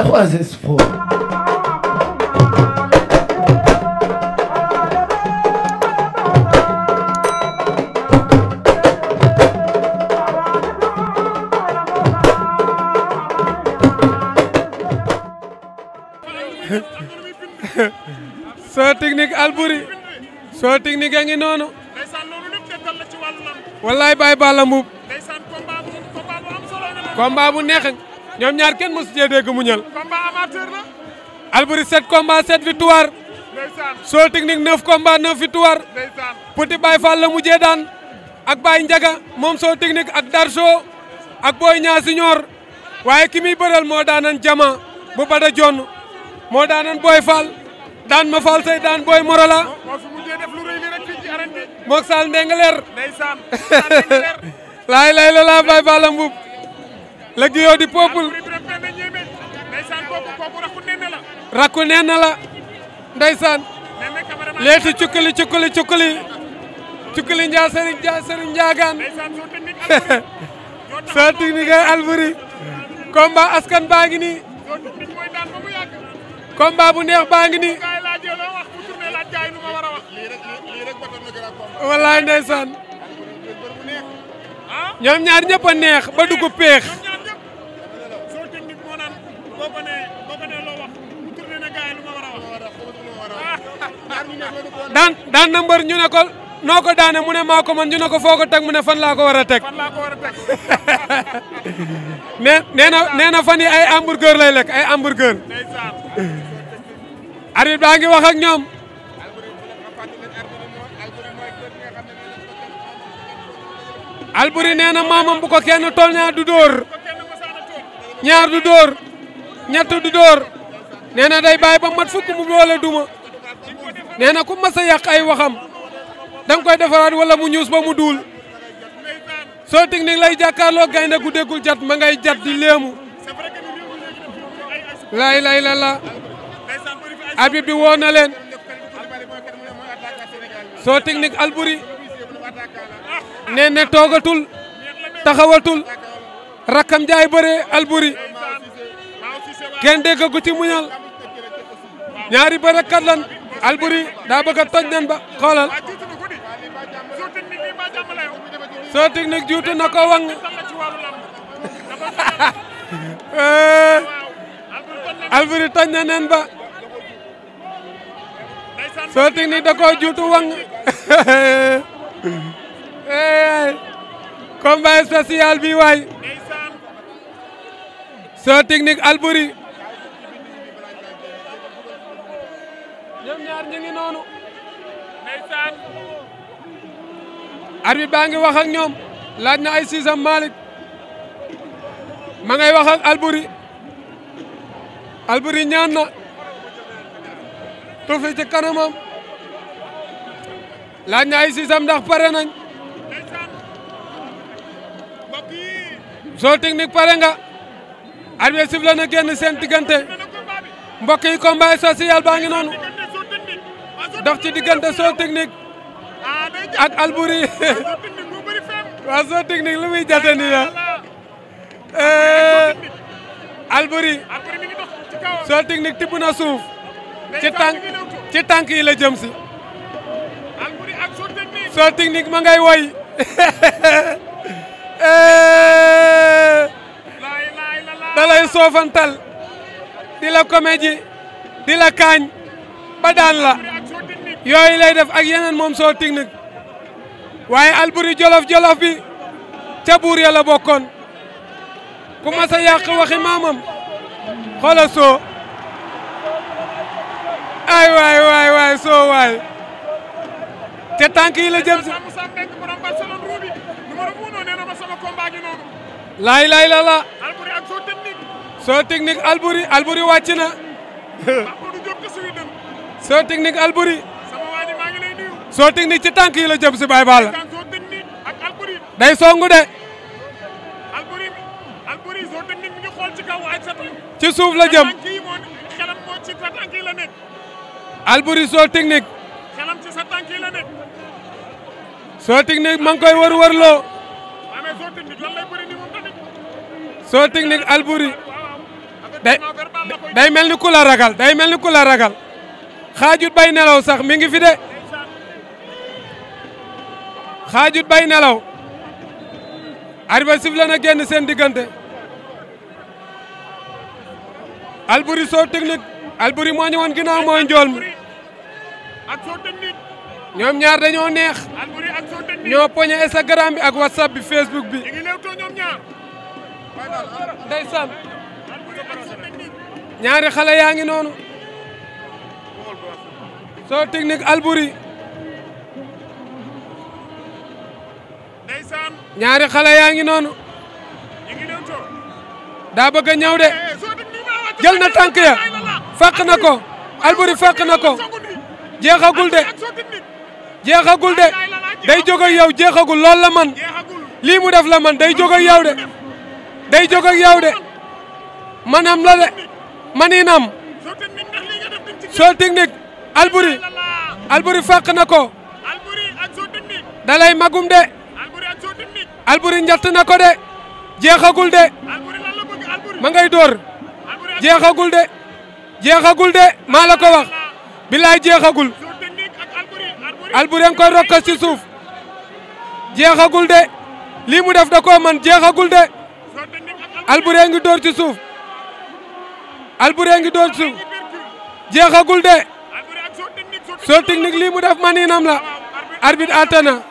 That was his fault. soo technique Alboury soo technique a ngi wallaay Baye Balla Mbuub. combat bu ñoom ñaar kenn mosu cee dégg mu ñal combat amateur la. Alboury 7 combat 7 victoire. ndeysaan Sol Technique 9 combat 9 victoire. la mujjee daan. ak Baye Ndiaga moom Sol Technique ak Darso ak Boy Niang waaye ki muy bëreel moo daanan jama bu bada jonn moo daanan Boy Fall daan ma Fall say daan Boy Morola. moo fi mujjee def la laa Baye Fall la Guillot du peuple rakku nee na la leeti cukkali cukkali cukkali cukkali njaa sëriñ njaa sëriñ njaagaan soo technique ay askan baa ngi nii combat bu neex baa ngi nii wallaay ndeysaan ñoom ñaar ñëpp neex ba peex daan daan na mbër ñu ne daane mu ne maa ko man ñu ne ko foo teg mu ne fan laa ko war a teg na fan yi ay hamburger lay lekk ay hamburger arbitre baa ngi wax ñoom Alboury nee maamam bu ko kenn du dóor ñaar du dóor ñett du dóor nee day bàyyi ba mat mu boole duma nee na ku mas a yàq ay waxam da nga defaraat wala mu ñuus ba mu duul soo technique lay jàkkaarloo gaynde gu déggul jat ma ngay jat di léemu laay laay la la abib bi woo na leen soo technique Alboury nee ne toogatul taxawatul rakkam jaay bëree Alboury kenn déggagu ci muñal ñaari bërëkkat lan Alboury daa bëgg a toj nen ba xoolal soo technique juutu na ko wang Alboury toj na nen ba soo technique da koo juutu wang combat spécial bi waay soo technique Alboury ñoom ñaar ñu ngi wax ak ñoom laaj na ay siisam Malick ma ngay wax ak Albouri Albouri ñaan na tuufi ci kanamam laaj na ay siisam ndax pare nañ zone technique pare nga arbitre sifle na génn seen diggante mbokk yi combat social baa ngi noonu dox ci diggante Sow Technique ak Albouri waaw soo Technique lu muy jase nii la Albouri Sow na suuf ci tànk ci tànk yi la jëm si Sow Technique ma ngay woy eh. da soofantal di la comédie di la kaañ ba daan la yooyu lay def ak yeneen moom soo technique waaye Alboury jolof-jolof bi ca buur ya la bokkoon ku mas a yàq waxi maamam xoola soo ay waay waay waay soo waay te tànk yi la jëm si laay la la soo technique Alboury Alboury wàcc na soo technique Alboury soo technique ci tànk yi la jëm si Baye day songu de ci suuf la jëm Alboury soo technique soo technique ma ngi koy wër loo soo technique Alboury day mel ni ku la ragal day mel ni ku la ragal xaajut bay nelaw sax mi ngi xaajut bay nelaw arbitre sifflé na génn seen diggante Alboury soo technique Alboury moo ñëwoon ginnaaw mooy njool mi ñoom ñaar dañoo neex ñoo poñe garaam bi ak WhatsApp bi Facebook bi ndeysaan ñaari xale yaa ngi noonu soo technique Alboury ñaari xale yaa ngi noonu daa bëgg a de jël na tànk ya fàq na ko Alboury fàq na ko jeexagul de jeexagul de day jóg ak yow jeexagul lool la man lii mu def la man day jóg ak yow de day jóg ak yow de manam la de maninam sol technique Alboury Alboury fàq na ko dalay magum de Alboury njatt na ko de jeexagul de ma ngay door jeexagul de jeexagul de maa la ko wax bilaay jeexagul Alboury nga koy rokkas ci suuf jeexagul de lii mu def da koo man jeexagul de Alboury ngi door ci suuf Alboury ngi door ci suuf jeexagul de soo technique lii mu def maninam la arbitre atana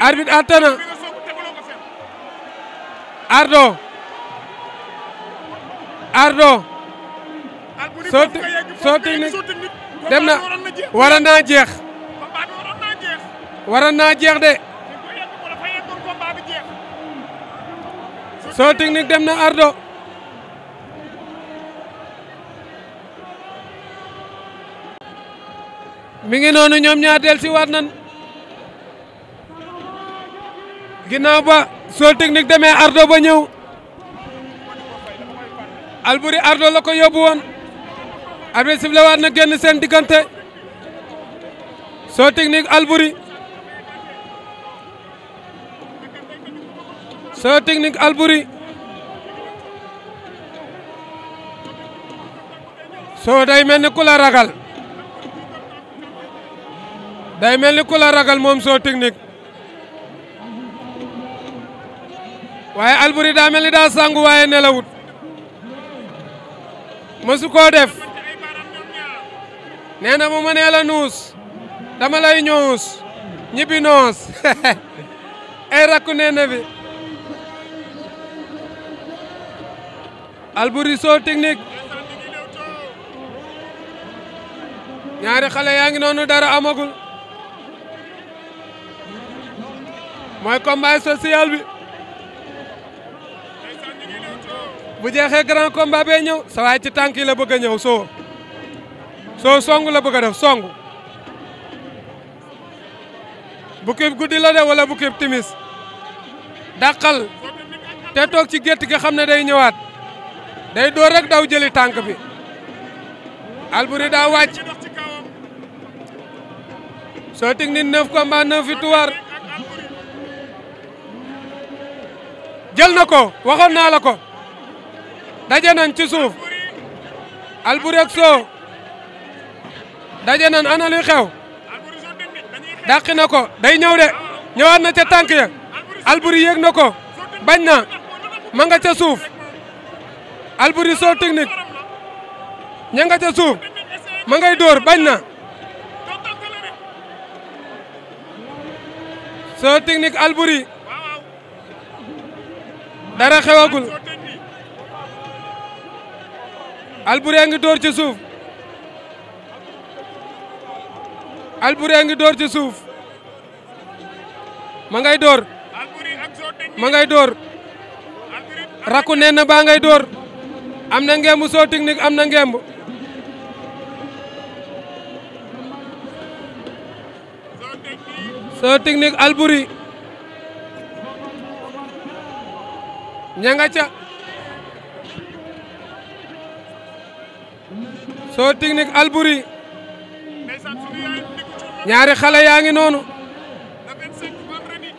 arbitre atte na ardo ardo soo soo technique dem na wara naa jeex wara naa jeex de soo technique dem na ardo mi ngi noonu ñoom ñaar del si ginnaaw ba soo technique demee ardo ba ñëw Alboury ardo la ko yóbbu woon arbitre sifflé waat na génn seen diggante soo technique Alboury soo technique Alboury soo day mel ni ku la ragal day mel ni ku la ragal moom soo technique waaye Alboury daa mel ni daa sangu waaye nelawut mësu koo def nee na mu ma nee la nuus dama lay ñoos ñibbi noos ay rakku soo technique ñaari xale yaa ngi noonu dara amagul mooy combat social bi bu jeexee grand bee ñëw sa waay ci tànk yi la bëgg a ñëw soo soo song la bëgg a bu kib guddi la de wala bu timis dàqal te toog ci gétt gi xam ne day ñëwaat day door rek daw jëli tànk bi Alboury daa wàcc soo tig nit neuf combat neuf victoire jël na ko waxoon naa la ko daje nañ ci suuf Alboury ak daje nañ ana luy xew dàq na ko day ñëw de ñëwaat na ca tànk ya Alboury yéeg na ko bañ na ma nga ca suuf Alboury Sokh technique ña nga ca suuf ma ngay dóor bañ na Sokh technique Alboury dara xewagul Alboury ngi door ci suuf Alboury ngi door ci suuf ma ngay door ma ngay door rakku nee na baa ngay door am na ngemb soo technique am na ngemb soo technique Alboury ña nga ca soo technique Albouri ñaari xale yaa ngi noonu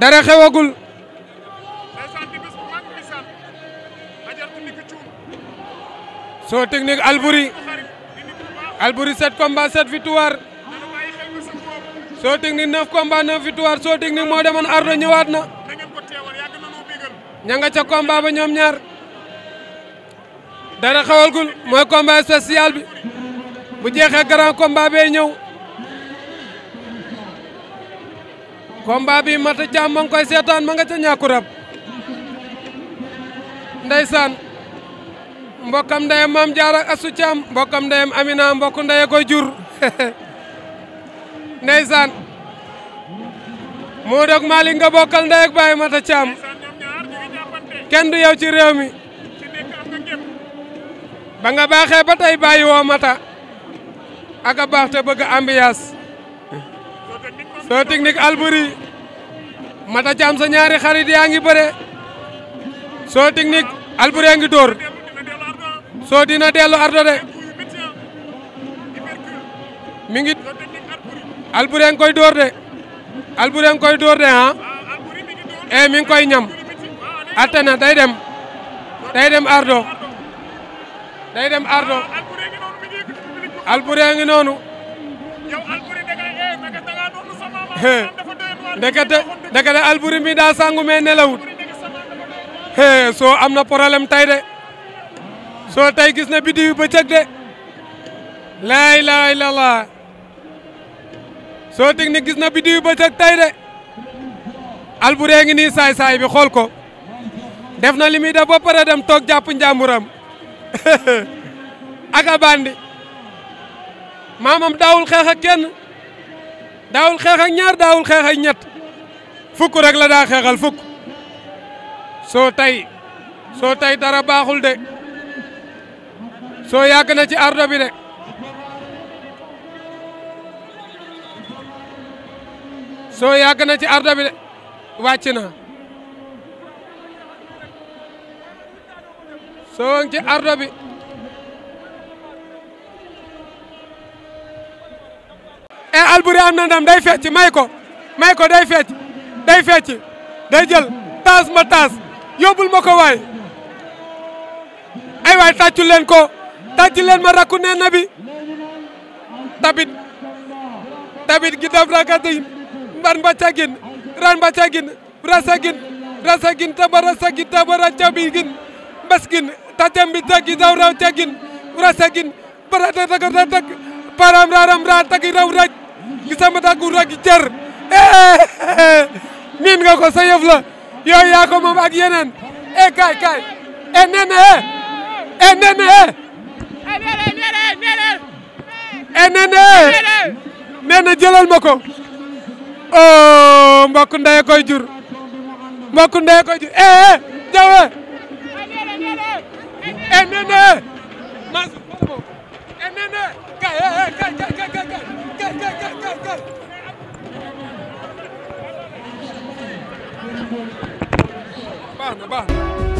dara xewagul soo technique Albouri Albouri sept combats sept victoires soo technique neuf combats neuf victoires soo technique moo ar Ardo ñëwaat na ña nga ca combat ba ñoom ñaar. dara xewalgul mooy combat social bi bu jeexee grand combat bee ñëw combat bi mata caam ma ngi koy seetaan ma nga ca ñàkku rab ndeysaan mbokkam ndeyam maam jaara asu caam mbokkam ndeyam amina mbokku ndeye koy jur ndeysaan moo dog Malick nga bokkal baay mata caam kenn du yow ci réew mi banga nga baaxee ba tey bàyyi woo mata ak a baax te bëgg ambiance soo technique Albury mata caam sa ñaari xarit yaa ngi bëre soo technique Albury yaa ngi dóor soo dina dellu ardo de mi ngi Albury koy dóor de Albury koy dóor de ah e mi ngi koy ñam atte day dem day dem ardo day dem ardo alburee ngi noonu ndekete ndekete alburi mi daa sangu mee nelawut soo am na problème tey de soo tey gis na biddiw bëccëg de laa ilaaha illallaah soo technique gis na biddiw bëccëg tey de alburee ngi nii saay saay bi xool ko def na li muy def ba pare dem toog jàpp njàmburam aka bandi maamam daawul xeex ak kenn daawul xeexa ak ñaar daawul xeex ak ñett fukk rek la daa xeexal fukk soo tay soo tay dara baaxul de soo yàgg na ci ardo bi de soo yàgg na ci ardo bi de wàcc na soo ngi ci ardo bi e Alboury am na ndam day fecc may ko may ko day fecc day fecc day jël taas ma taas yóbbul ma waay ay waay tàccu ko tàccu ma rakku ne na tabit tabit gi daf rakatin mbar mba cagin ran mba cagin rasagin rasagin taba rasagin taba racabigin mbasgin tatem bi tagi daw raw tegin rasagin barata taga ta tag param eh, miin nga ko sa yëf la yooyu yaa ko ak yeneen e eh, kay kay e eh, nene e e nene e e nene e nene jëlal ma ko oh, jawe e nene mas e nene kay kay kay kay kay kay kay kay kay baax na baax na